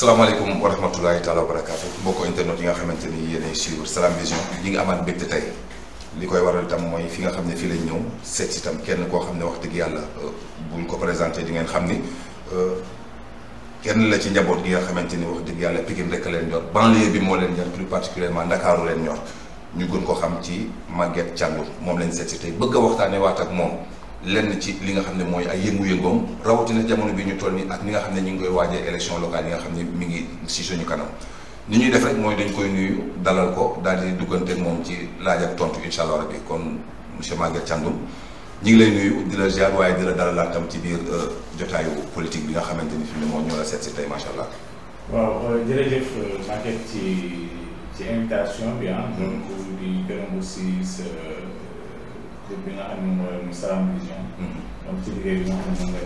salaamaaleykum wa rahmatulahi taala wa barakaatu mbokk internet yi nga xamante ni yéenay suivre Salam Vision ñi ngi amaat mbégte tey li koy waral itam mooy fi nga xam ne fii lañ ñëw seet si itam kenn koo xam ne wax dëgg yàlla euh, buñ ko présenté di ngeen xam ni euh, kenn la ci njaboot gi nga xamante ni wax dëgg yàlla Pikine rek leen ñor banlieue bi moo leen ñor plus particulièrement Ndakaaru leen ñor ñu gën ko xam ci Maguette Thiandoum moom lañ seet si tey bëgg a ak moom. lenn ci li nga xam ne mooy ay yëngu-yëngoom rawatina jamono bi ñu toll nii ak ni nga xam ne ñu ngi koy waajee élection locale yi nga xam ne mi ngi si suñu kanam ni ñuy def rek mooy dañ koy nuyu dalal ko daal di duggante moom ci laaj ak tontu incha allah rabbi kon monsieur Maguette Thiandoum ñu ngi lay nuyu di la ziar waaye di la tam ci biir euh, jotaayu politique bi nga xamante ni fi mu ne moom ñoo la seet si tey macha allah. waaw euh, jërëjëf euh, ci invitation bi ah. Mm-hmm. donc di gërëm bi nga xam ne mu Salam Vision. Mm-hmm. ci liggéey bi nga xam ne moom la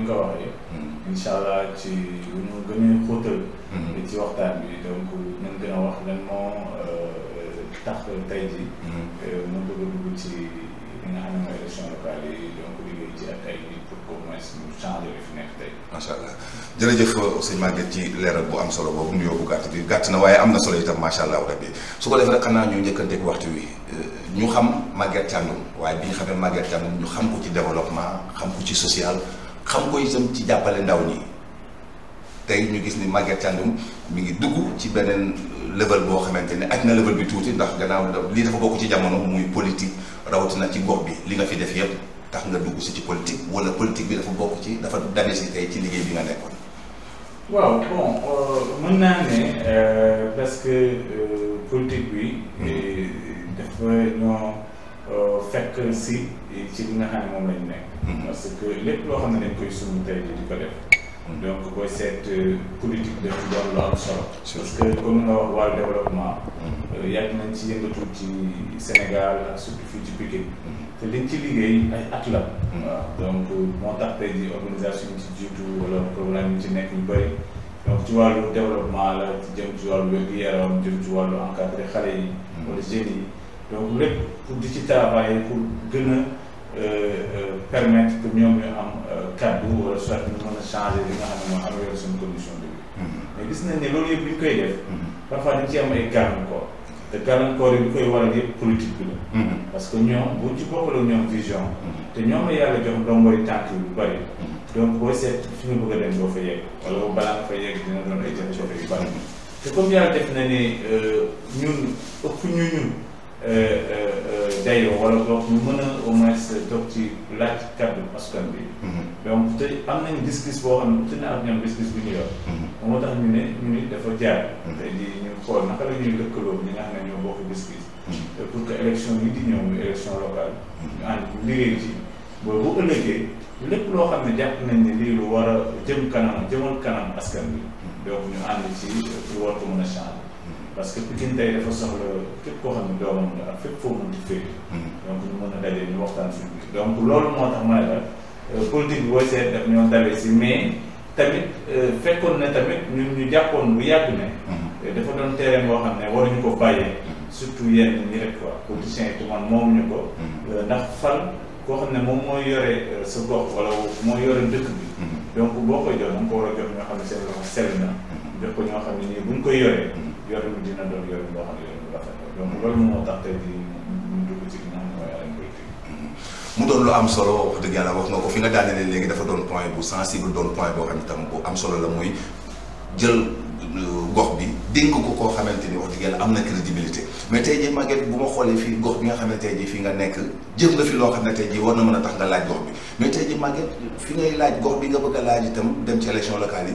ñu def mm-hmm. allah ci lu ñu gën a xóotal. Mm-hmm. ci waxtaan bi donc nañ gën a wax lan moo euh, tax euh, mu bëgg a ci li nga xam ne mooy élection locale yi ci ak suñu genre yooyu fi nekk tey. macha jërëjëf sëñ Maguette ci leeral bu am solo boobu nuyoo bu gàtt bi gàtt na waaye am na solo itam macha allah rabbi su ko defee rek xanaa ñu njëkkanteeg waxtu wi euh, ñu xam Maguette Thiandoum waaye bi ñu xamee Maguette Thiandoum ñu xam ko ci développement xam ko ci social xam ko itam ci jàppale ndaw ñi tey ñu gis ni Maguette Thiandoum mu ngi dugg ci beneen euh, level boo xamante ne aj na level bi tuuti ndax gannaaw lii dafa bokk ci jamono muy rawatina ci gox bi li nga fi def yëpp. tax nga dugg si ci politique wala politique bi dafa bokk ci dafa dabe si ci liggéey bi nga nekkoon. waaw bon euh, mën naa ne euh, parce que euh, politique bi. Mm. dafa ñoo fekk si ci li nga moom lañ nekk. Mm. parce que lépp loo xam ne dañ koy sunu tey jii di ko def. Mm. donc booy seet politique daf doon lu am solo. parce que comme nga wax wàllu développement. yàgg nañ ci yëngatu ci Sénégal ak surtout fii ci Pikine. te liñ ci liggéey ay at la. donc moo tax tey jii organisation yi ci wala programme yi ci yu bëri donc ci wàllu développement la ci jëm ci wàllu wér-gu-yaram jëm yi. wala jeunes donc lépp pour di ci travailler pour gën a euh, euh, permettre que ñoom am kaddu euh, wala soit ñu mën a changer li nga xam ne moom améliorer seen condition mm-hmm. loolu yëpp bu ñu koy def. Mm-hmm. parfois dañ ci am te gàllankoor yi koy waral yëpp politique bi la. Mm-hmm. parce que ñoom buñ ci bokkaloon ñoom vision. Mm-hmm. te ñoom yàlla jox ndongoy tànk yu bari. Mm-hmm. donc booy seet fi nga bëgg a dem doo fa yegg wala balaa nga fa yegg dina doon ay jafe-jafe yu bari. te comme yàlla def na ne euh, ñun ëpp ñu ñun. Euh, euh, euh, dayoo wala donc ñu mën a au moins ci laaj kàddu askan bi. Mhm. donc te am nañu gis-gis boo xam ne bu tënnee ak ñoom gis-gis bu ñu yor. Mhm. moo tax ñu ne ni dafa jaar. Mhm. tey ñu xool naka la ñuy lëkkaloo ñi nga xam ne ñoo bokk gis-gis. pour que élection yi di ñëw muy élection locale. ñu ànd liggéey ci boobu bu ëllëgee lépp loo xam ne jàpp nañ ne lii lu war a jëm kanam jëmal kanam askan bi. donc ñu ànd ci pour war ko mën a changer. parce que Pikine tey dafa soxla képp koo xam ne doomam nga ak foo mënti féete. Hmm. donc ñu mën a daje ñu waxtaan suñu biir. loolu moo tax ma ne euh, bi booy seet daf ñoo dalee si mais tamit euh, fekkoon na tamit ñun ñu jàppoon bu yàgg ne. Hmm. Euh, dafa doon terrain boo xam ne waruñu ko bàyyee. Hmm. surtout yenn ñi rek quoi politiciens yi tuumaan ko. ndax fan koo xam ne moom mooy yore sa gox wala mooy yore dëkk bi. donc boo koy jox da nga ko war a jox ñoo xam ne sell na. jox ko ñoo xam yor bu rafet donc loolu moo tax tey mu doon lu am solo wax dëgg yàlla wax nga ko fi nga daanelee léegi dafa doon point bu sensible doon point boo xam ne tam bu am solo la muy jël gox bi dénk ko koo xamante ni wax dëgg yàlla am na crédibilité mais tey jii Maguette bu ma xoolee fii gox bi nga xam ne fi jii nga nekk jëf nga fi loo xam ne tey jii war na tax nga laaj gox bi mais tey fi ngay laaj gox bi nga bëgg a laaj itam dem ci élection locale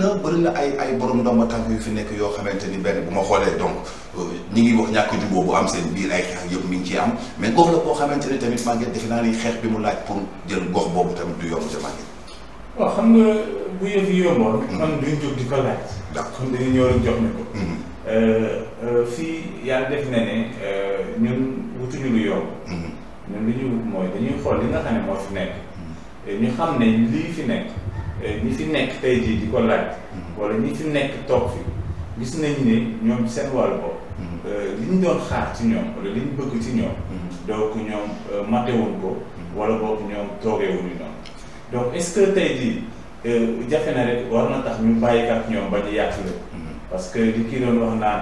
na bëri na ay ay borom ndomba tànk yu fi nekk yoo xamante ni benn bu ma xoolee donc euh, ñi ngi wax ñàkk juboo bu am seen biir ay xeex yëpp mi ngi am mais gox la boo xamante ni tamit Maguette defe naa ni xeex bi mu laaj pour jël gox boobu tamit du yomb te Maguette waaw xam nga bu yëf yi yomboon. Hmm. man di ko laaj. ndax xam dañu ñëw rek jox Euh, euh, fii yàlla def na ne euh, ñun wutuñu lu yomb. Mm-hmm. ñun li ñuy wut mooy dañuy xool li nga xam ne moo fi nekk. Mm-hmm. ñu xam ne lii fi nekk ñi fi jii di ko laaj. Mm-hmm. wala ñi fi nekk toog fi gis ne ñoom seen wàllu bopp. li ñu doon xaar ci ñoom wala li ñu bëgg ci ñoom. donc ñoom matewuñ ko. wala boog ñoom toogeewuñu noonu. donc est-ce que tey jii jafe na rek war tax ñu bàyyi kat ñoom ba ñu yàq parce que li kii doon wax naan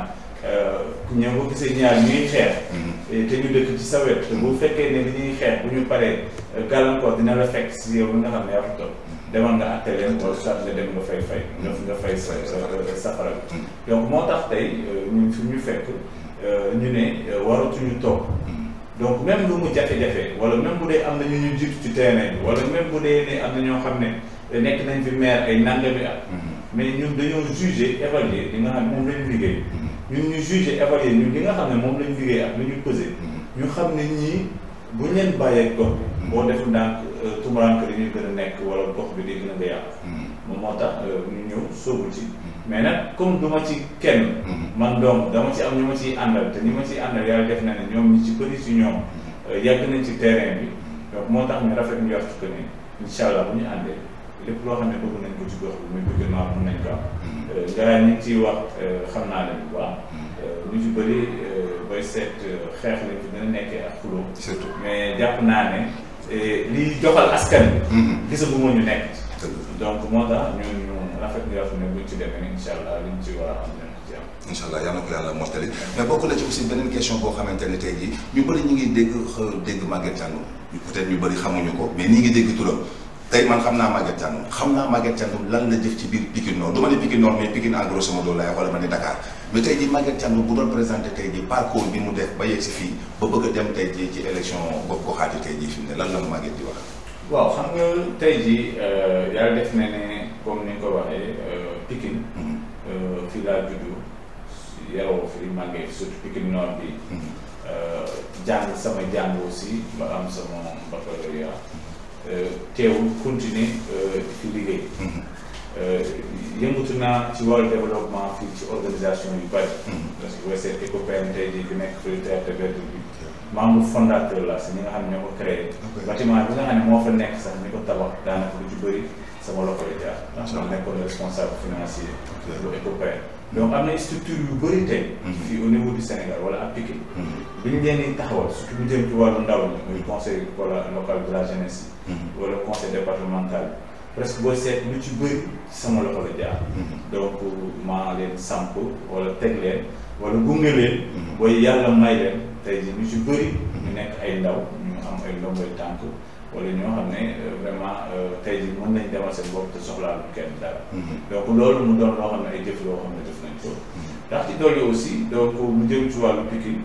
euh, ñoo ko gisee ñaar ñuy xeex. Mhm. te ñu dëkk ci sa wet. bu fekkee ne li ñuy xeex bu ñu paree euh, gàllankoor dina la fekk si yow nga xam ne yaa fa toog mhm. demal nga àtte leen wala soit nga dem nga fay fay. nga mhm. fay safara bi. donc moo tax tey euh, ñun ñu fekk ñu ne waratuñu toog. donc même lu mu jafe-jafe wala même bu dee am na ñu ñu jiitu ci terrain bi wala bu dee ne am na ñoo xam ne nekk nañ fi maire ay nangami at. mais ñun dañoo juger évaluer li nga xam moom la ñu liggéey ñun ñu juger évaluer ñun xam ne moom la ñu liggéey ak lu ñu pesé ñu xam ne nii bu ñu leen bàyyeeg gox bi boo def ndànk euh, tumuraanke li ñuy nekk wala gox bi di gën a yàq moom moo tax euh, ñu ñëw sóobu ci mais nag comme ci kenn man doom dama ci am ñu ma ciy àndal te ñi ma ciy àndal yàlla def na ne ñoom ñi ci bëri si ñoom euh, yàgg nañ ci terrain bi donc moo tax ñu rafet ñu yor ci que ne ñu àndee lépp loo xam ne bëgg nañ ko ci gox bi muy bëgg nañ ko am. Ngarañ euh, ñu ngi wax euh, xam naa leen bu baax. Euh, lu ci bëri booy seet xeex lañ fi dina nekkee ak xuloo. surtout mais jàpp naa ne li joxal askan bi bu mm-hmm. ma ñu nekk. donc moo tax ñun ñu rafet nga xam ne buñ ci demee incha li liñ ci war a am. incha allah yal ko yàlla mottali mais bokk la ci aussi beneen question boo xamante ne tey jii ñu bëri ñu ngi dégg dégg Maguette Thiandoum peut-être ñu bëri xamuñu ko mais ngi dégg turam tey man xam naa magget Thiandoum xam naa Maguette Thiandoum lan la jëf ci biir Pikine Nord du ma ne Pikine Nord mais Pikine en grosso modo laay wala ma ne Dakar mais tey ji Maguette Thiandoum bu doon présenté tey ji parcours bi mu def ba yegg fii ba bëgg a dem tey ji ci élection bopp ko xaati tey ji fi mu waaw xam nga tey ji euh, yàlla def na ne comme ko waxee euh, Pikine mhm. euh, fii laa juddu yaroo fi màggee surtout Pikine Nord bi mhm. jàng sama jàng aussi ba am sama baccalauréat Eh, teewul continuer di eh, fi liggéey. Mm-hmm. Eh, yëngatu naa ci wàllu développement fii ci organisation yu bari. Mm-hmm. parce que OSS ECOPEN tey jii bi nekk fële théâtre Verdure bi. membre fondateur la si ñi nga xam ne ko créé. bâtiment bi nga ne moo fa nekk sax ñu ko tabax daanaka lu ci bëri sama loxo la jaar. nekkoon responsable financier. bu ECOPEN. donc am na structure yu bëri tey. Mhm. fii au niveau du Sénégal wala à Pikine. Mhm. bi ñu leen di taxawal surtout bu jëm ci wàllu ndaw ñi muy conseil wala local de la jeunesse mhm. conseil départemental presque boo seet lu ci bëri sama loxo la jaar. donc maa leen samp wala teg leen wala gunge leen. booy yàlla may leen tey jii ñu ci bëri. ñu nekk ay ndaw ñu am ay ndombay tànk. wala ñoo xam ne euh, vraiment euh, tey mën nañ demal seen bopp te soxlaalu kenn dara. Mhm. donc loolu mu doon loo xam ne ay jëf loo xam ne def nañ ko. Mhm. ndax ci doole aussi donc mu jëm ci wàllu Pikine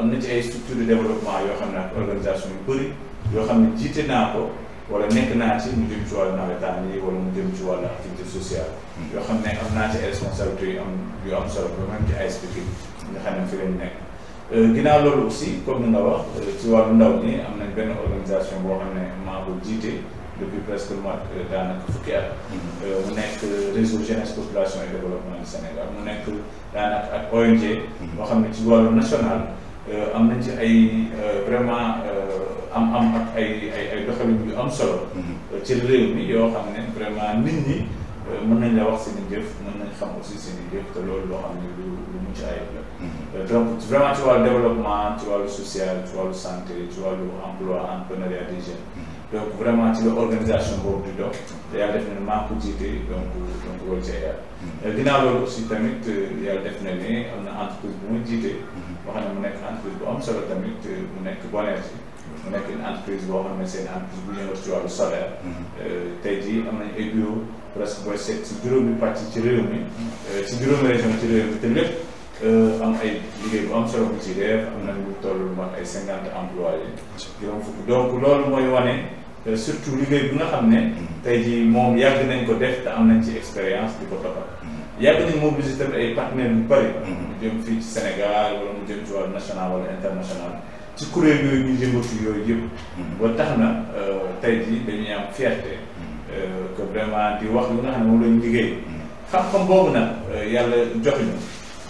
am na ci ay structures de développement yoo xam ne ak organisation yu bëri yoo xam ne jiite naa ko wala nekk naa ci mu jëm ci wàllu nawetaan yi wala mu jëm ci wàllu activité sociale. Mhm. yoo xam ne am naa ci ay am yu am solo ba même ci ay Pikine nga ne fi lañ Euh, ginnaaw loolu aussi comme ni wax euh, ci wàllu ndaw ñi am nañ benn organisation boo xam ne maa ko jiite depuis presque mois euh, daanaka fukki at. Mm-hmm. mu nekk réseau jeunesse population et développement du mu nekk daanaka ak ONG. Mm-hmm. boo xam ne ci wàllu national am nañ ci ay vraiment am am ay ay ay doxalin am solo. Mm-hmm. ci réew mi yoo xam ne vraiment nit ñi mën nañ la wax seen i jëf mën nañ xam aussi seen i jëf te loolu loo xam ne mucc ayib la donc vraiment ci wàllu développement ci wàllu social ci wàllu santé ci wàllu emploi entrepreneuriat des jeunes mm-hmm. donc vraiment ci la organisation boobu di dox te yàlla def na ne maa ko jiite donc donc loolu ca yàlla mm-hmm. euh, ginnaaw loolu aussi tamit euh, yàlla def na ne am na entreprise bu ma jiite boo xam ne mu nekk entreprise bu am solo tamit euh, mu nekk Bonergie mu nekk une entreprise boo xam ne seen entreprise bu ñëw ci wàllu solaire mm-hmm. tey jii am nañu ay bureau presque booy seet ci juróomi pàcc ci réew mi ci juróomi région ci réew mi te lépp Euh, am ay liggéey bu am solo bu ci def am nañ toll man ay cinquante employés juróom fukk donc loolu mooy wane euh, surtout liggéey bi nga xam ne mm. tey jii moom yàgg nañ ko def te am nañ ci expérience di ko toppal mm. yàgg nañ mobiliser tamit ay partenaires yu bëri mm. mu jëm fii ci Sénégal wala mu jëm ci national wala international ci kuréel yooyu ñu yëngatu yooyu yëpp ba tax na euh, tey jii dañuy am que vraiment di wax lu nga xam ne moom lañu liggéey xam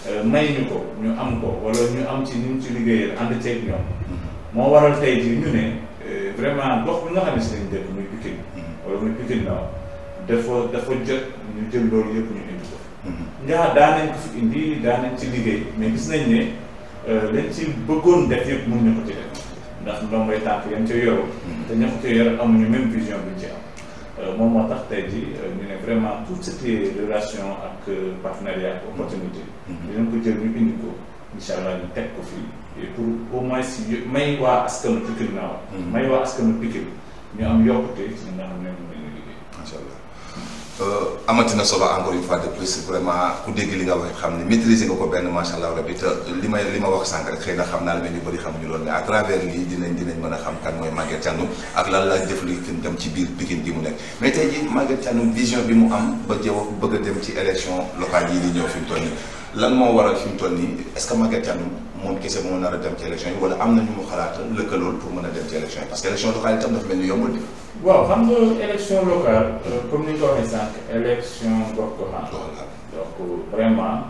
Euh, may ñu ko ñu am ko wala ñu am ci ñu ci liggéey ànd ceeg ñoom mm-hmm. moo waral tey jii ñu ne euh, vraiment gox bi nga xam ne si lañ dëkk muy Pikine mm-hmm. wala muy Pikine Nord dafa dafa jot ñu jël loolu yëpp ñu indi ko mm-hmm. njaar daa ko fi indi daa ci liggéey mais gis nañ ne euh, lañ ci bëggoon def yëpp mun ñu ko ci ndax ndombay tànk yañ ca yoru te ña ko ca yoru amuñu même vision bi ñu ci am Euh, moom tax tey jii euh, ñu ne vraiment tout ce qui relation ak euh, partenariat ak opportunité. Mhm. dinañ ko jël ñu indi ko incha allah ñu teg ko fii pour au moins may waa askanu Pikine wa mhm. may waa askanu Pikine ñu am yokkute ci li nga xam ne moom la ñuy liggéey. Euh, amati na solo encore une fois de plus vraiment ku dégg li nga wax xam ne maîtriser nga ko benn macha allah rabi li may li ma wax sànq xëy na xam naa la mais ñu bëri xamuñu loolu mais à travers lii dinañ dinañ mën a xam kan mooy Maguette Thiandoum ak lan la def li dem ci biir Pikine gi mu nekk mais tey jii Maguette Thiandoum vision bi mu am ba jëw bëgg a dem ci élection locale yi di ñëw fi mu toll lan moo waral fi mu toll nii est-ce que Maguette Thiandoum moom kese moo nar a dem ci élection yi wala am na ñu mu xalaat lëkkalool pour mën a dem ci élection yi parce que élection locale itam dafa mel ni yombul bi. waaw xam nga élection locale euh, comme ni nga ko waxee sànq élection gox-goxaan. donc vraiment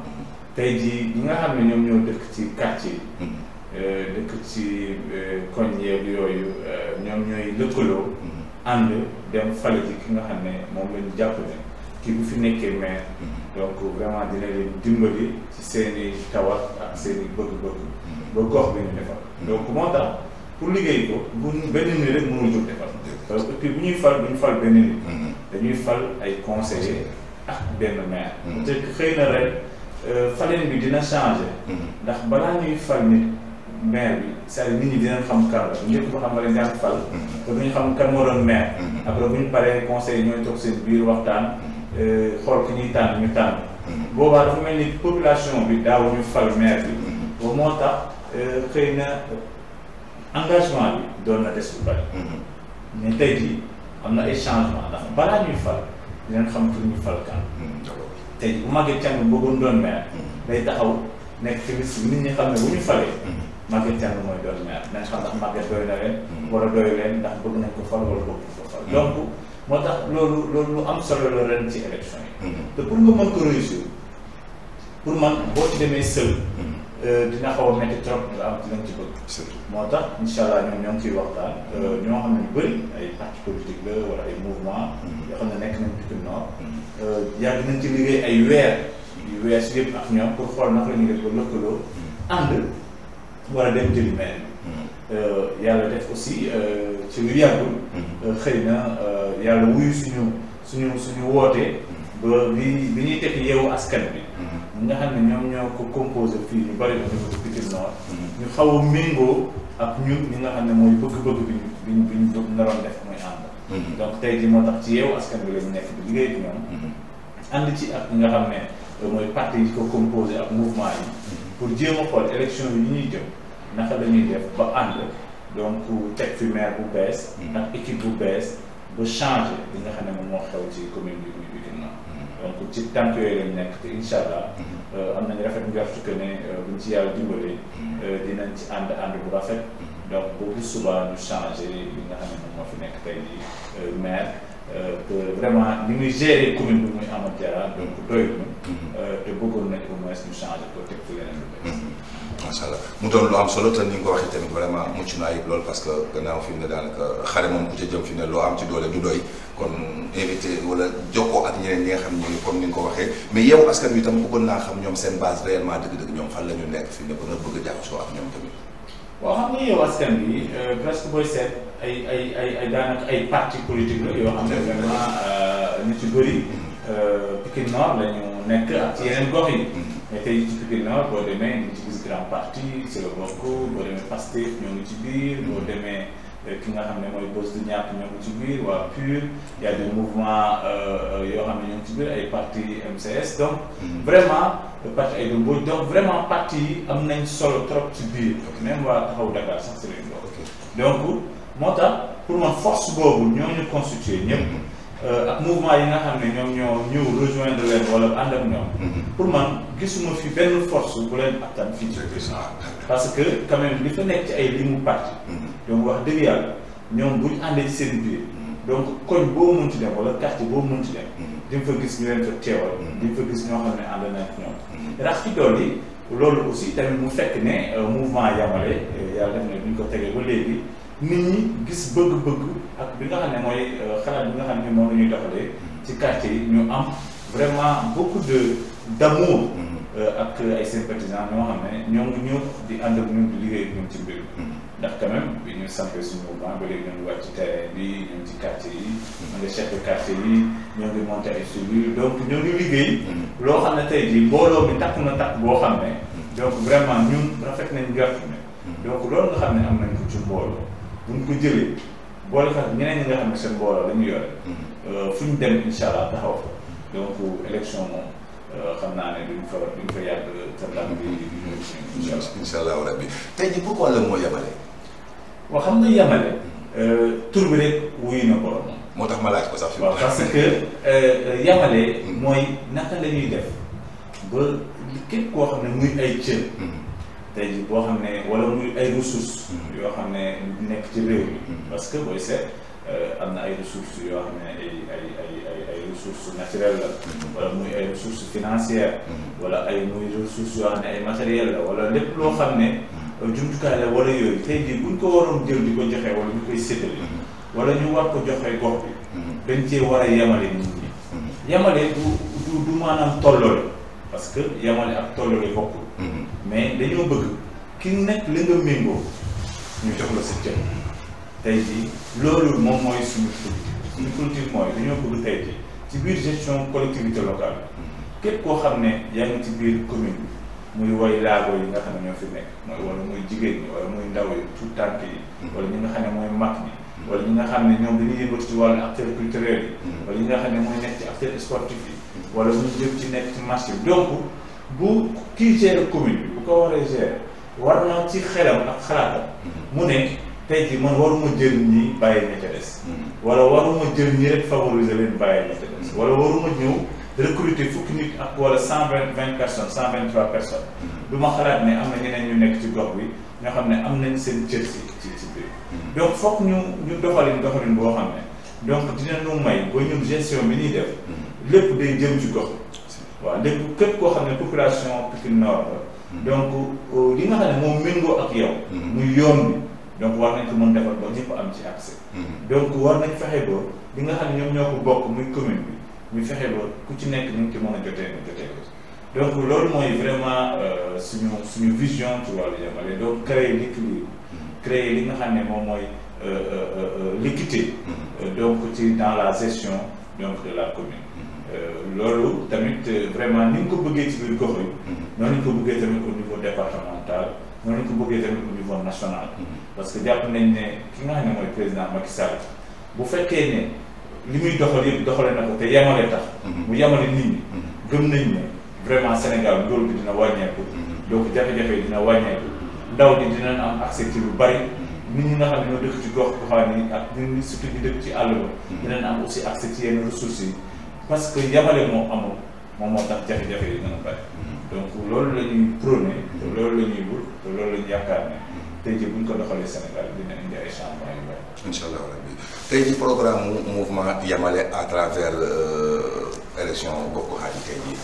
tey jii ñi nga xam ne ñoom ñoo dëkk ci quartier yi. Mhm. Euh, dëkk ci euh, koñ yeeg yooyu ñoom ñooy lëkkaloo. Mhm. ànd dem fale ji ki nga xam ne moom la jàpp ne kii bu fi nekkee maire. Mhm. donc vraiment dina leen dimbali ci seen i tawat ak seen i bëgg-bëgg. ba gox bi ñu donc moo pour liggéey ko bu benn nit rek mënul jóg defar. parce que bu ñuy fal bu ñu fal benn nii dañuy fal ay conseillers ak benn maire. Mm-hmm. te xëy na rek euh, faleen bi dina changé. Mm-hmm. ndax balaa ñuy fal nit maire bi c'est-à-dire nit ñi dinañ xam kan la bu ba xam nga leen daan fal. Mm-hmm. te duñ xam kan moo doon maire. après bu ñu paree conseil ñooy toog seen biir waxtaan. E, xool ki ñuy tànn ñu tànn. boobaa dafa mel ni population bi daaw ñu fal maire bi. ba moo tax e, xëy na engagement bi doon na des lu bari. mais tey jii am na ay changement ndax balaa ñuy fal dinañ xam ñu fal kan. tey bu Maguette Thiam bëggoon taxaw nekk ci liste nit ñi xam ne bu ñu falee. Maguette Thiam mooy doon maire dinañ xam ndax Maguette doy na leen. wala doy leen ndax bëgg nañ ko fal wala bëgg ko fal mm-hmm. donc. moo tax loolu loolu lu am solo la ren ci élection yi. Mm-hmm. te pour nga mën ko réussir pour man boo ci demee seul. Mm-hmm. Euh, na xaw a métti trop nga am dinañ ci bëgg. surtout moo tax incha allah ñoom ñoo ngi ciy waxtaan. Euh, mm-hmm. ñoo xam ne ñu bëri ay parti politique la wala ay mouvement. yoo xam ne nekk nañ euh, ci Nord. yàgg nañ ci ay weer. wees yëpp ak ñoom pour xool war a dem jëli mel. Euh, yàlla def aussi euh, ci lu yàggul mhm. euh, xëy na yàlla wuyu suñu suñu suñu wootee ba bi mhm. bi ñuy teg yeewu askan bi mhm. ñi nga xam ne ñoom ñoo ko composé fii ñu bari na ñu Pikine Nord ñu xaw a ak ñu ñi nga xam ne mooy bëgg-bëgg bi ñu bi ñu bi ñu naroon def mooy ànd donc tey jii moo tax ci yeewu askan bi lañu nekk bi liggéey ñoom ànd ci ak nga xam ne mooy parti yi ko composé ak mouvement yi pour jéem a xool élection yi ñu ñuy jëm naka la ñuy def ba ànd donc teg fi maire bu bees. Mm-hmm. ak équipe bu bees ba changer li nga xam ne moom moo xew ci commune bi muy Pikine mm-hmm. donc ci tànk yooyu lañ nekk te incha allah. Mm-hmm. Euh, am nañu rafet njortu que ne euh, buñ ci yàlla dimbalee. Euh, dinañ ci ànd ànd bu rafet. donc boobu suba ñu changé li xam ne moom moo fi nekk tey jii maire que vraiment ni muy gérer commune bi muy Amath Diarra donc doyul. te bëggoon nañ au moins ñu changé ko teg fi leneen. macha allah mu doon lu am solo te ni nga ko waxee tamit vraiment mucc na ayib lool parce que gannaaw fi mu ne daanaka xare moom ku ca jëm fi ne loo am ci doole du doy kon invité wala jokkoo ak ñeneen ñi nga xam ne comme ni nga ko waxee mais yow askan wi tam bëggoon naa xam ñoom seen base réellement dëgg-dëgg ñoom fan la ñu nekk fi ne ba nga bëgg a jaxasoo ak ñoom tamit. waaw xam nga yow askan bi euh, presque booy seet ay ay ay ay daanaka ay parti politique la yoo xam ne vraiment ñu euh, ci bëri mm-hmm. euh, Pikine Nord la ñu. mu nekk ak ci yeneen gox yi. Mm-hmm. mais tey ci Pikine Nord boo demee ñu ngi ci gis grand parti ci la bokk boo demee Pastef ñoo ngi ci biir boo mm-hmm. demee eh, ki nga xam mooy Bës du Ñàkk ñoo ngi ci biir waa PUR y a des mouvements euh, euh, yoo xam ngi ci biir ay parti MCS mm-hmm. donc vraiment parti ay doom boobu donc vraiment parti am nañ solo trop ci biir même waa taxaw Dakar sax si lañ bokk donc moo ta pour man force boobu ñoo ñu constitué ñëpp Euh, ak mouvement yi nga xam ne ñoom ñoo ñëw rejoindre leen wala ànd ak ñoom. Mm-hmm. pour man gisuma fi benn force bu leen attan fii. parce que quand même li fa nekk ci ay limu parti. Mm-hmm. donc wax dëgg yàlla ñoom buñ àndee ci seen biir. Mm-hmm. donc koñ boo mun ci dem wala quartier boo mun ci dem. di nga fa gis ñu leen fa teewal. di nga fa gis ñoo xam ne ànd nañ ak ñoom. rax ci dool yi loolu aussi tamit mu fekk ne euh, mouvement yamale euh, yàlla def na bu ko tegee ba léegi. nit ñi gis bëgg-bëgg ak bi nga xam ne mooy euh, xalaat bi nga xam ne moom la ñuy doxalee mm-hmm. ci quartier yi ñu am vraiment beaucoup de d'amour mm-hmm. euh, ak ay sympathisants ñoo xam ne ñoom ñëw di ànd ñu ñun liggéey ñu ñun ci mbir mm-hmm. ndax quand bi ñu sampee suñu mouvement ba léegi ñu ngi wàcc ci terrain bi ñu ngi ci quartier yi. ñu ngi chef de yi ñoo ngi monté ay donc ñoo ngi liggéey. loo xam ne tey jii mbooloo bi takk na takk boo xam ne. donc vraiment ñu rafet nañ njort xam ne am nañ ko bu ñu ko jëlee boole xam ñeneen ñi nga xam ne seen mbooloo la ñu mm-hmm. euh, fu ñu dem incha taxaw fa donc élection moom euh, xam naa ne duñ fa duñ fa yàgg sa ndam bi di mm-hmm. di ñëw. incha allah rabbi tey ji pourquoi le moo yamale. waa xam nga yamale. Euh, tur bi rek wuyu na borom. moo tax ma laaj ko sax. waaw parce yamale. Mm-hmm. mooy naka la def ba képp koo xam ne muy ay cër. tey jii xam ne wala muy ay ressources mm-hmm. yoo xam ne nekk ci réew mi mm-hmm. parce que booy seet euh, am na ay ressources yoo xam ne ay ay ay la mm-hmm. wala muy ay ressources financières wala ay muy ressources yoo xam ne ay matériel la wala lépp loo xam ne jumtukaay la wala yooyu tey jii buñ ko waroon jël di ko joxe wala ñu koy séddale wala ñu war ko joxe gox bi dañ cee war a yemale nit ñi yemale du du du maanaam tolloole parce que yemale ak tolloole bokkul mais dañoo bëgg ki nekk li nga méngoo ñu jox la sa cër tey jii loolu moom mooy suñu politique suñu politique mooy dañoo bëgg tey jii ci biir gestion collectivité locale képp koo xam ne yaa ngi ci biir commune bi muy woy laago yi nga xam ne ñoo fi nekk mooy wala muy jigéen ñi wala muy ndaw yi tout tànk yi wala ñi nga xam ne mooy mag ñi wala ñi nga xam ne ñoom dañuy yëngatu ci wàllu acteur culturel yi wala ñi nga xam ne mooy nekk ci acteur sportif yi wala muy jëm ci nekk ci marché donc bu kii gérer commune bi bu ko waree gérer war naa ci xelam ak xalaatam mhm. mu ne tey jii man waruma jël ñi bàyyi ña ca des mhm. wala waruma jël ñi rek favoriser leen bàyyi ña ca des mhm. wala waruma ñëw recruter fukki nit ak wala cent vingt vingt personnes cent vingt trois personnes du ma xalaat ne am na ñeneen ñu nekk ci gox bi ñoo xam ne am nañ seen cër si ci ci biir donc foog ñu ñu doxalin doxalin boo xam ne donc dina ñu may ba ñun gestion bi ñuy def lépp day jëm ci gox waaw léegi képp koo xam ne population Pikine hmm. donc euh, li nga xam ne moom méngoo ak yow. Hmm. muy yoon bi donc waa nañ mën defar ba ñëpp am ci accès. Hmm. donc war nañ fexe ba li nga xam ne ñoom ñoo ko bokk muy commune bi ñu fexe ba ku ci nekk ni ñu ci mën a jotee ñu jotee ko donc loolu mooy vraiment euh, suñu suñu vision ci wàllu yemale donc créer l'équilibre créer li nga xam ne moom mooy euh, l'équité donc ci dans la gestion donc de la commune Euh, loolu tamit euh, vraiment ni nga ko bëggee ci biir gox yi. Mm-hmm. noonu ñu ko bëggee tamit au niveau départemental noonu ñu ko bëggee tamit au niveau national. Mm-hmm. parce que jàpp nañ ne ki nga xam ne mooy président Macky bu fekkee ne li muy doxal yëpp doxale na ko te yemale tax. Mm-hmm. mu yemale nit ñi. gëm nañ ne vraiment Sénégal ndóol bi dina wàññeeku. donc jafe-jafe yi dina wàññeeku. ndaw ñi dinañ am accès ci lu bari. nit ñi nga ne ñoo dëkk ci gox goxaan yi ak ñun surtout ñu dëkk ci àll ba. dinañ am aussi ci yenn ressources yi. parce que yabale moo amul moom moo tax jafe-jafe yi gën bari mm-hmm. donc loolu la ñuy prôné mm-hmm. loolu la ñuy wut te loolu la ñuy yaakaar ne mm-hmm. tey ko doxalee Sénégal dina indi ay changement yu bari incha allah rabbi ji programme mouvement yamale à travers euh, élection bokk xaaj tey ji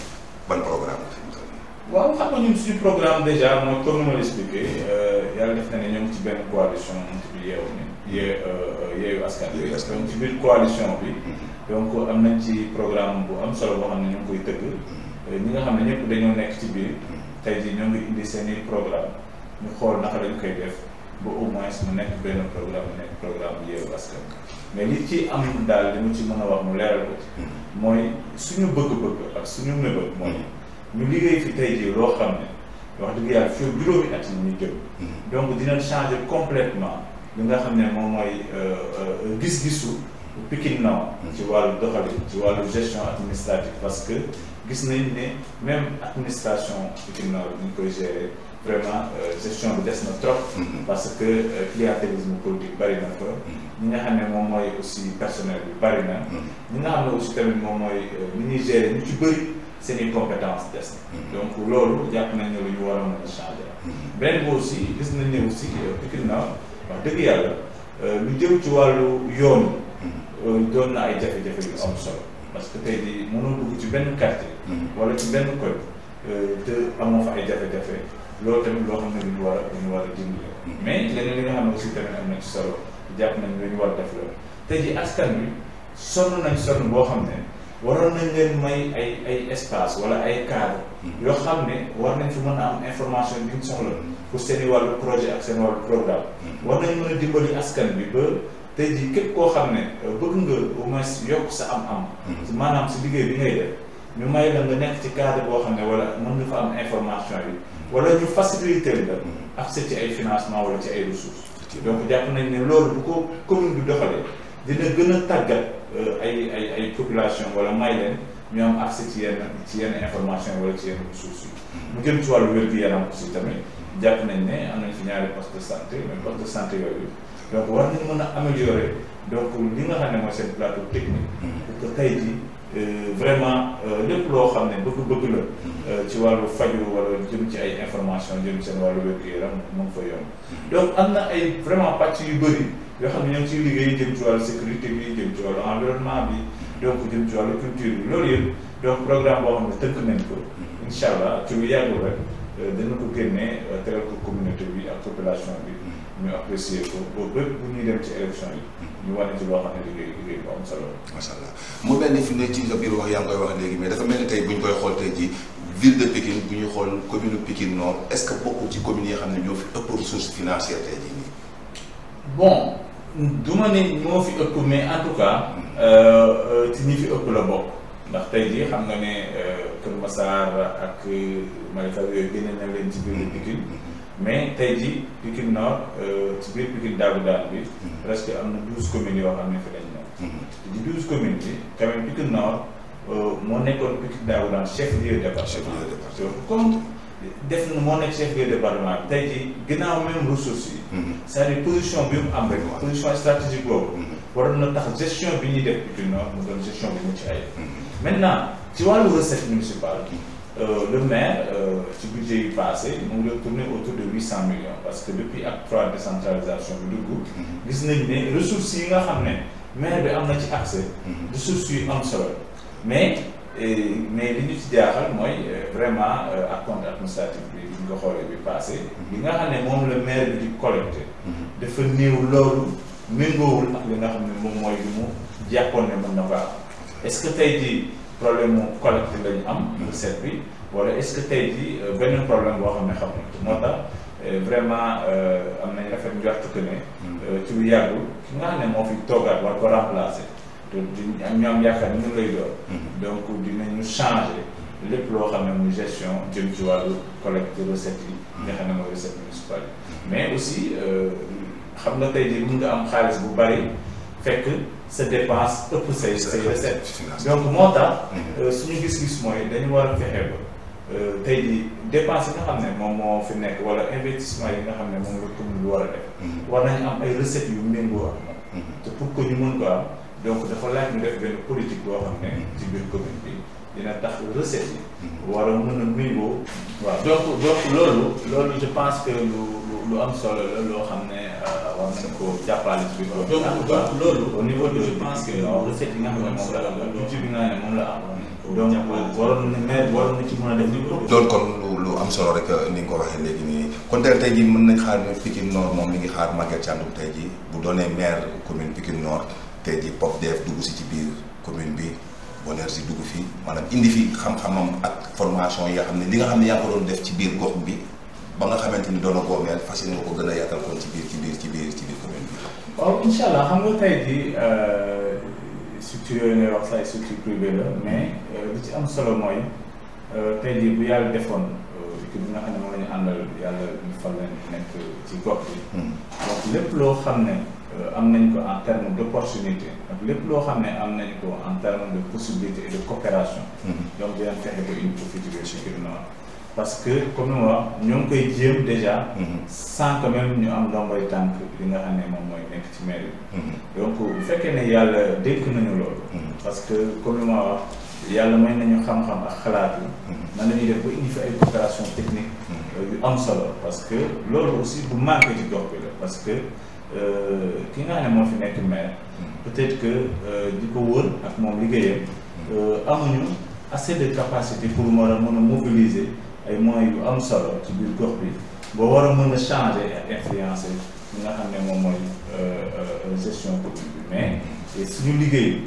ban programme la fi mu toll waaw xam nga ñun programme déjà mooy comme ma l'expliqué euh, yàlla def na ne ñoom ci benn coalition mu tudd yeewu ni yee euh, yeeyu askan bi donc ci biir coalition donc am nañ ci programme bu am solo boo xam ne ñu ngi koy tëgg ñi nga xam ne ñëpp dañoo nekk ci biir tey jii ñoo ngi indi seen i programme ñu xool naka lañ koy def ba au moins mu nekk benn programme nekk programme Yewwi Askan mais li ci am daal li mu ci mën a wax mu leeral ko ci mooy suñu bëgg-bëgg ak suñu mébëg mooy ñu liggéey fi tey jii loo xam ne wax dëgg yàlla fii juróomi at yi ñu jëm donc dinañ changer complètement li nga xam ne moom mooy euh, euh, gis Pikine Nord ci wàllu doxalin ci wàllu gestion administrative parce que gis nañ ne même administration Pikine Nord bi ñu koy gérer vraiment euh, gestion bi des na trop mm-hmm. parce que euh, clientélisme politique bari na fa mm-hmm. ñi nga xam ne moom mooy aussi personnel bi bari na ñi mm-hmm. nga xam ne aussi tamit moom mooy ni euh, ñuy gérer ñu ci bëri seen i compétence des na donc loolu jàpp nañ ne lu ñu war a mën a changer beneen bi aussi gis nañ ne aussi Pikine Nord wax dëgg yàlla lu jëm ci wàllu yoon doon na ay jafe-jafe yu am solo parce que tey jii mënoo ci benn quartier. Mm-hmm. wala ci benn koñ euh, te amoo fa ay jafe-jafe loolu tamit loo xam ne lu ñu war a lu ñu war a dimbali mm-hmm. mais leneen li nga solo a def la tey jii askan wi sonn nañ sonn boo xam ne waroon nañ leen may ay ay espace wala ay cadre mm-hmm. yoo xam ne war nañ fi mën a am information bi ñu soxla pour seen i projet ak seen wàllu programme war nañ mën a dimbali askan bi ba tey jii képp koo xam ne euh, bëgg nga au moins yokk sa am-am. Mm-hmm. maanaam si liggéey bi ngay def ñu may la nga nekk ci cadre boo xam ne wala mën nga fa am information bi. Mm-hmm. wala ñu faciliter la. Mm-hmm. accès ci ay financement wala ci ay ressources. donc jàpp nañ ne loolu bu ko commune bi doxalee dina gën a tàggat euh, ay ay ay population wala may leen ñu am accès ci yenn ci yenn information wala ci yenn ressources yi. mu jëm ci wàllu wér-gu-yaram aussi tamit jàpp nañ ne am nañ fi ñaari poste donc war nañ mën a améliorer donc li nga xam ne mooy seen plateau technique mm-hmm. pour que tey jii euh, vraiment euh, lépp loo xam ne bëgg-bëgg la mm-hmm. euh, ci wàllu faju wala jëm ci ay information jëm seen wàllu wér yaram mu ngi fa yomb mm-hmm. donc am na ay vraiment pàcc yu bëri yoo xam ne ñoo ngi ciy liggéey jëm ci wàllu sécurité bi jëm ci wàllu environnement bi donc jëm ci wàllu culture bi loolu yëpp donc programme boo xam ne tënk ko incha allah ci lu yàggul rek dana ko génnee teral communauté bi ak population bi ñu apprécier ko ba bët bu ñuy dem ci élection yi. ñu wane ci loo xam ne liggéey liggéey bu am solo la. macha mu mel ni fi ne ci nga biir wax yaa ngi koy wax léegi mais dafa mel ni tey bu koy xool tey jii ville de Pikine bu ñuy xool commune de Pikine Nord est-ce que bokk ci commune yi xam ne ñoo fi ëpp ressource financière tey jii nii. bon du ma ne ñoo fi ëpp mais en tout cas. Hmm. Euh, euh, ci ñi fi ëpp la bokk. ndax tey jii xam nga ne euh, Kër Massar ak Malika yooyu génne na leen mais tey jii Pikine Nord euh, ci biir Pikine daagu daal bi mm-hmm. presque am na douze communes yoo xam ne fi lañ nekk di mm-hmm. douze communes bi quand même euh, moo nekkoon Pikine daagu daal de lieu département comme def na moo nekk chef lieu département bi tey jii ginnaaw même ressources yi mm-hmm. cest à position bi mu am rek position stratégique boobu waroon na tax gestion bi ñuy def Pikine Nord mu doon gestion bu mucc ayib maintenant ci wàllu recette municipale Euh, le maire euh, ci budget yi passé mu ngi tourné autour de huit cent millions parce que depuis acte trois décentralisation bi dugg mhm. gis nañ ne ressources yi nga xam ne maire bi am na ci accès ressources mhm. yu am solo mais euh, mais li ñu ci jaaxal mooy vraiment ak compte administratif bi ñu nga xoolee bi passé li mhm. nga xam ne moom la maire bi di collecté dafa néew loolu méngoowul ak li nga xam ne moom mooy li mu jàppoon ne mën na ko am tey jii problème mu collecte la ñu am. recette bi wala est tey jii euh, benn problème boo xam ne xam na moo tax euh, vraiment euh, am na rafet njort que ne. ci mm. lu moo fi toogaat war ko remplacer ñoom yaakaar ni ñu lay door. Mm-hmm. donc dinañu changer. lépp loo xam ne mu gestion jëm ci wàllu collecte recette yi. Mm-hmm. nga xam ne mooy recette municipale yi. Mm-hmm. mais aussi xam na tey jii mun nga am xaalis bu bari fekk. sa dépense ëpp say say recette donc moo tax suñu gis-gis mooy dañu war a fexe ba tey jii dépense nga xam ne moom moo fi nekk wala investissement yi nga xam ne moom la commune bi war a def war nañu am ay recettes yu méngoo ak moom te pour que ñu mën ko am donc dafa laaj ñu def benn politique boo xam ne ci biir commune dina tax recette yi war a mën a méngoo waaw donc donc loolu loolu je pense que lu lu am solo la loo xam ne war nañ ko jàppale suñu loolu. loolu bi nga xam ne moom la am. donc waroon na mais waroon a def li loolu kon lu lu am solo rek euh, ni nga ko waxee léegi nii kon tey tey jii mën nañ xaar ne Pikine Nord moom mi ngi xaar Maguette Thiandoum tey ji bu doonee maire commune Pikine Nord tey jii pop def dugg si ci biir commune bi. bonheur si dugg fii maanaam indi fi xam-xamam ak formation yi nga xam ne li nga xam ne yaa ko doon def ci biir gox bi ba nga xamante ni doon na koo mel fas yéene ko gën a yaatal kon ci biir ci biir ci biir ci biir commune bi. waaw allah xam nga tey jii euh, structure yooyu ngay wax la mais euh, li ci am solo mooy euh, tey jii bu yàlla defoon équipe bi nga xam moom la ñu àndal yàlla ñu fal nekk ci gox bi. Hmm. donc lépp loo xam ne am nañ ko en terme d' lépp loo xam ne am nañ ko en terme de possibilité et de coopération. Hmm. donc dinañ fexe ba une profité ci parce que comme ni wax ñoo ngi koy jéem déjà. Mhm. sans quand même ñu am ndomboy tànk li nga xam ne moom mooy nekk ci mairie bi. Mhm. donc bu fekkee ne yàlla dénk nañu loolu. Mhm. parce que comme ni ma wax yàlla may nañu xam-xam ak xalaat yi. nan def ba indi fi ay coopération technique. yu am solo parce que loolu aussi bu manqué ci gox bi la parce que euh, ki nga xam ne moo fi nekk maire. peut-être que euh, di ko wër ak moom liggéeyam. Euh, amuñu assez de capacité pour mën a mën a mobiliser. ay moyens yu am solo ci biir gox bi boo war a mën a changer ak influencer li nga xam ne moom mooy euh, euh, gestion publique bi mais suñu liggéey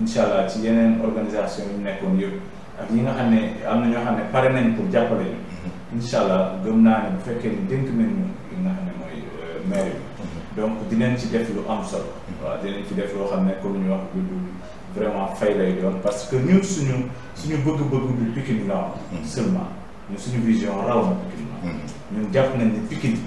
incha allah ci yeneen organisation yu nekkoon yëpp ak ñi nga xam ne am na ñoo xam ne pare nañ ko jàppale ñu incha allah gëm naa ne bu fekkee ni dénk nañ ñu li nga xam ne mooy euh, maire bi donc dinañ ci def lu am solo waaw dinañ ci def loo xam ne comme ñu wax bi du vraiment fay lay doon parce que ñun suñu suñu bëgg-bëgg bi ñun suñu vision raw na Pikine la. Mm-hmm. ñun jàpp nañ ne Pikine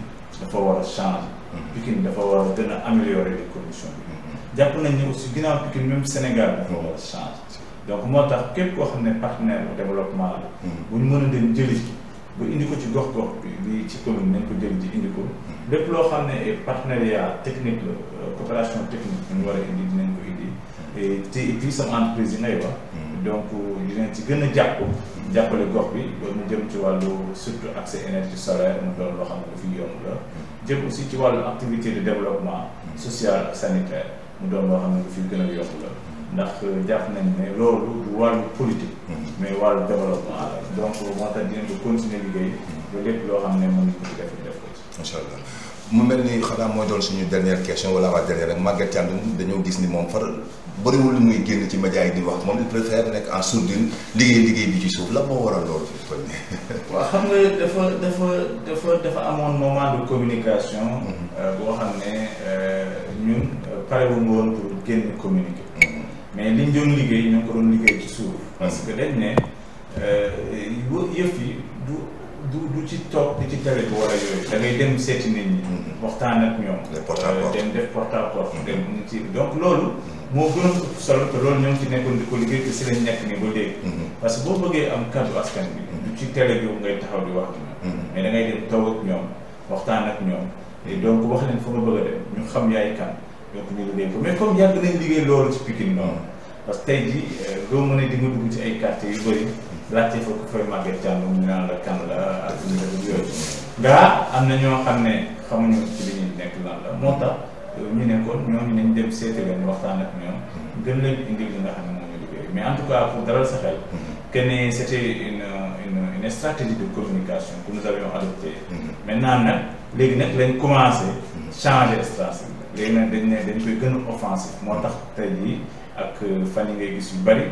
dafa war a changer. Mm-hmm. Pikine dafa war a gën a améliorer les conditions mm-hmm. jàpp nañ ne aussi ginnaaw Pikine même Sénégal dafa war a changer. donc moo tax képp koo xam ne partenaire bu développement la. bu ñu mën a dem jëli ba indi ko ci gox-gox bi bi ci commune nañ ko jëli ci indi ko. lépp loo xam ne partenariat technique la euh, coopération technique ñu war a indi dinañ ko indi. te et puis sama entreprise yi ngay wax. donc euh, dinañ ci gën a jàppale gox bi ba mu jëm ci wàllu surtout accès énergie solaire mu doon loo xam ne dafay yomb la jëm si ci wàllu activité de développement social ak sanitaire mu doon loo xam ne dafay gën a yomb la ndax jàpp nañ ne loolu du wàllu politique mais wàllu développement la donc moo tax dinañ ko continuer liggéey ba lépp loo xam ne mën ni ko ci def ñu def ko ci incha allah mu mel ni xanaa mooy doon suñu dernière question wala waa dernière rek Maguette Thiandoum dañoo gis ni moom faral bëriwul lu muy génn ci média yi di wax moom il préfère nekk en sourdine liggéey liggéey bi ci suuf la moo waral loolu fi kon ne waaw xam nga dafa dafa dafa dafa amoon moment de communication mhm. euh, boo xam ne euh, ñun euh, parewuñ woon pour génn communiquer mhm. mais liñ doon liggéey ñu ko doon liggéey ci suuf mhm. parce que dañ ne yëf yi du du du ci toog di ci télé bi wala yooyu da dem seeti nit ñi waxtaan ak ñoom dem def porte à porte dem ci donc loolu moo gën a ëpp solo loolu ñoo ngi ci nekkoon di ko liggéey te si lañ nekk nii ba léegi. Mhm. parce que boo bëggee am kaddu askan bi. Mhm. du ci télé bi ngay taxaw di wax ñoom. Mhm. mais da ngay dem taw ak ñoom waxtaan ak ñoom. et donc wax leen fa nga bëgg a ñu xam yaay kan donc ñu liggéey liggéey loolu ci Pikine noonu. parce tey jii euh, doo mën a di nga dugg ci ay quartier yu bëri laajte fa ku fay màggee jàll ñu naan la kan la ak ñu def yooyu. gaa am na ñoo xam ne xamuñu ci li nekk lan la moo tax. ñu nekkoon ñooñu nañ dem seeti leen waxtaan ak ñoom gën lañ indil li nga xam ne moom la liggéey mais en tout cas pour dalal sa xel que ne une stratégie de communication que nous avions adoptée mm-hmm. maintenant nag léegi nag lañ commencé mm-hmm. changer stratégie léegi nag dañ ne koy gën a offensif moo tax mm-hmm. tey jii ak euh, fan yi ngay gis yu bëri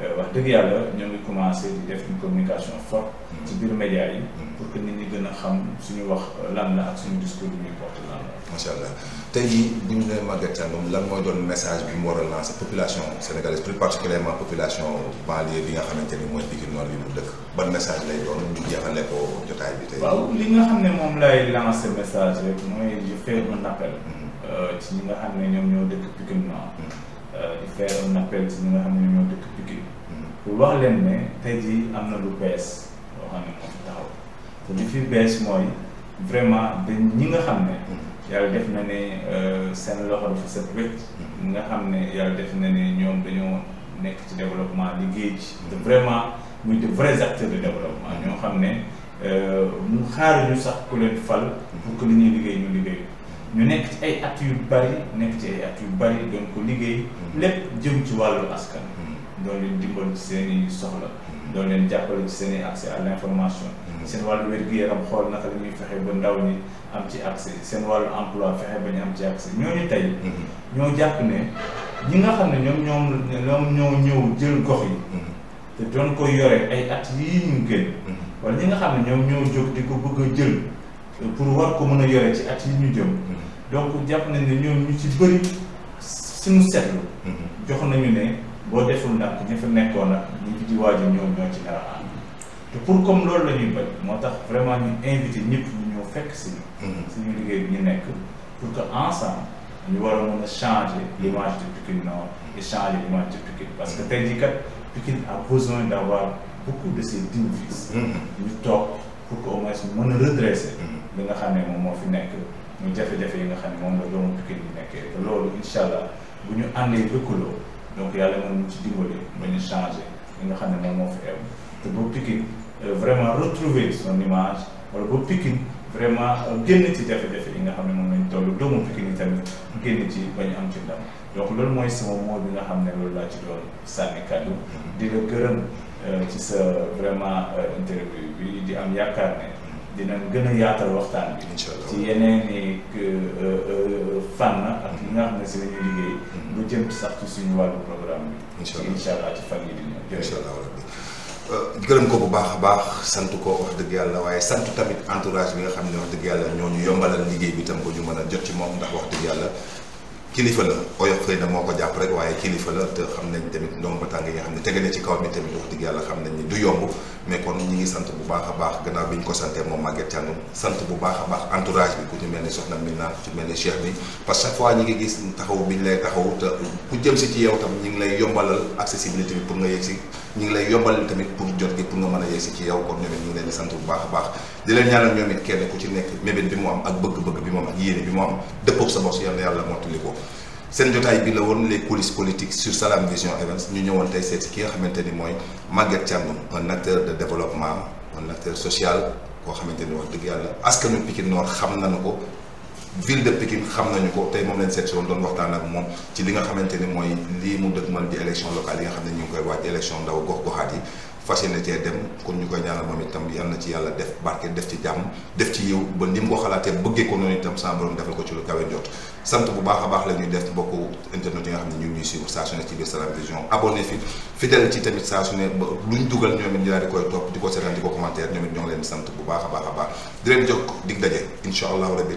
euh, wax dëgg yàlla ñoo ngi commencé di def une communication forte ci biir médias yi pour que nit ñi gën a xam suñu wax lan la ak suñu discours bi ñuy porte lan la. macha allah tey jii bu ñu nee Maguette Thiandoum lan mooy doon message bi mu war a lancer population sénégalaise plus particulièrement population banlieue bi nga li nga xam ne moom lay lancer message rek mooy je un appel. Euh, ci ñi nga xam ne ñoom ñoo dëkk Pikine Nord. Mm-hmm. Euh, di faire un appel ci ñi nga xam ne ñoo dëkk Pikine. Mm-hmm. pour wax leen ne tey jii am na lu bees loo xam ne moom. li fi bees mooy vraiment dañ ñi nga xam ne mm. yàlla def na ne euh, seen loxo dafa set wecc mm. ñi nga xam ne yàlla def na ne ñoom dañoo nekk ci développement liggéey ci te vraiment muy de vrais acteurs de développement ñoo xam ne euh, mu xaaruñu sax ku leen fal pour que li ñuy liggéey ñu liggéey ñu nekk ci ay at yu bari nekk ci ay at yu bari doon ko liggéey mm. lépp jëm ci wàllu askan doon leen dimbal ci seen i soxla doon leen jàppale ci seen i accès à l' information seen wàllu wér-gu-yaram xool naka la ñuy fexe ba ndaw ñi am ci accès seen wàllu emploi fexe ba ñu am ci accès ñooñu tey mhm. ñoo jàpp ne ñi nga xam ne ñoom ñoom ñoom ñoo ñëw jël gox yi mhm. te ko yore ay at yii mhm. wala ñi ñoom ñoo jóg di ko bëgg jël pour war ko mën a yore ci at yi ñu jëm donc jàpp nañ ne ñoom ñu ci bëri suñu seetlu jox nañu ne boo deful nag ñi fa nekkoon ak ñi fi di waajur ñoom ñoo ci dara am te pour comme loolu la ñuy bañ moo tax vraiment ñu invité ñëpp ñu ñëw fekk si ñu mm-hmm. suñu liggéey bi ñu nekk pour que ensemble ñu war a mën a changer l'image de Pikine Nord et changer l'image de Pikine parce que tey jii kat Pikine a besoin d'avoir beaucoup de ses dignes fils mm-hmm. ñu toog pour que au moins mën a redresser mm-hmm. li nga xam ne moom moo fi nekk ñu jafe-jafe yi nga xam ne moom la doomu Pikine yi nekkee loolu incha allah bu ñu àndee lëkkaloo donc yàlla mën ñu ci dimbali nga xam ne moom vraiment retrouver son image wala ba Pikine vraiment génn ci jafe-jafe yi nga xam ne moom lañ toll doomu Pikine yi tamit génn ci ba ñu am ci ndam donc loolu mooy sama moo bi nga xam ne loolu laa ci doon sànni kàddu di gërëm euh, ci sa vraiment euh, interview bi di am yaakaar ne dina gën a yaatal waxtaan bi ci yeneen i euh, fànn ak li nga xam ne si la ñuy liggéey mm-hmm. lu jëm sax ci suñu wàllu programme bi incha allah ci fan yi di ñëw Euh, gërëm ko bu baax a baax sant ko wax dëgg yàlla waaye sant tamit entourage bi nga xam ne wax dëgg yàlla ñoo ñu yombalal liggéey bi tam ko ñu mën a jot ci moom ndax wax dëgg yàlla kilifa la oyof xëy moo ko jàpp rek waaye kilifa la te xam nañ tamit ndomba tàng yi xam ne tege na ci kaw mi tamit wax dëgg yàlla xam nañ ni du yomb mais kon ñi ngi sant bu baax a baax gannaaw bi ñu ko santee moom Maguette Thiandoum sant bu baax a baax entourage bi ku ci mel ni soxna Mina ku ci mel ni Cheikh bi parce que chaque fois ngi gis taxaw bi ñu lay taxaw te ku jëm yow tam ñi ngi lay yombalal accessibilité bi pour nga yegg si ngi lay yombalal tamit pour jot gi pour nga mën a yegg ci yow kon ñoom it ñi leen di sant bu baax a baax di leen ñaanal ñoom it kenn ku ci nekk mébét bi mu am ak bëgg-bëgg bi mu am ak yéene bi mu am dëppoog sa bopp seen jotaay bi la woon les coulisses politiques sur Salam Vision Events ñu ñëwoon tey seet ki nga xamante ni mooy Maguette Thiandoum un acteur de développement un acteur social koo xamante ni wax dëgg yàlla askanu Pikine Nord xam nañu ko ville de Pikine xam nañu ko tey moom lañ seet si woon doon waxtaan ak moom ci li nga xamante ni mooy lii mu dëgmal di élection locale yi nga xam ne ñu ngi koy waaj élection ndaw gox goxaat yi fas yéene cee dem kon ñu koy ñaanal moom itam yal na ci yàlla def barke def ci jàmm def ci yiw ba ni mu ko xalaatee bëggee noonu itam sama borom defal ko ci lu kawe njot sant bu baax a baax la ñuy def mbokku internet yi nga xam ne ñu ñuy suivre saa su ne ci biir Salam Vision abonné fi fidèle ci tamit saa su ne ba luñ dugal ñoom ñu daal di koy topp di ko seetaan di ko commentaire ñoom leen sant bu baax a baax a baax di leen jox dig daje incha allahu rabi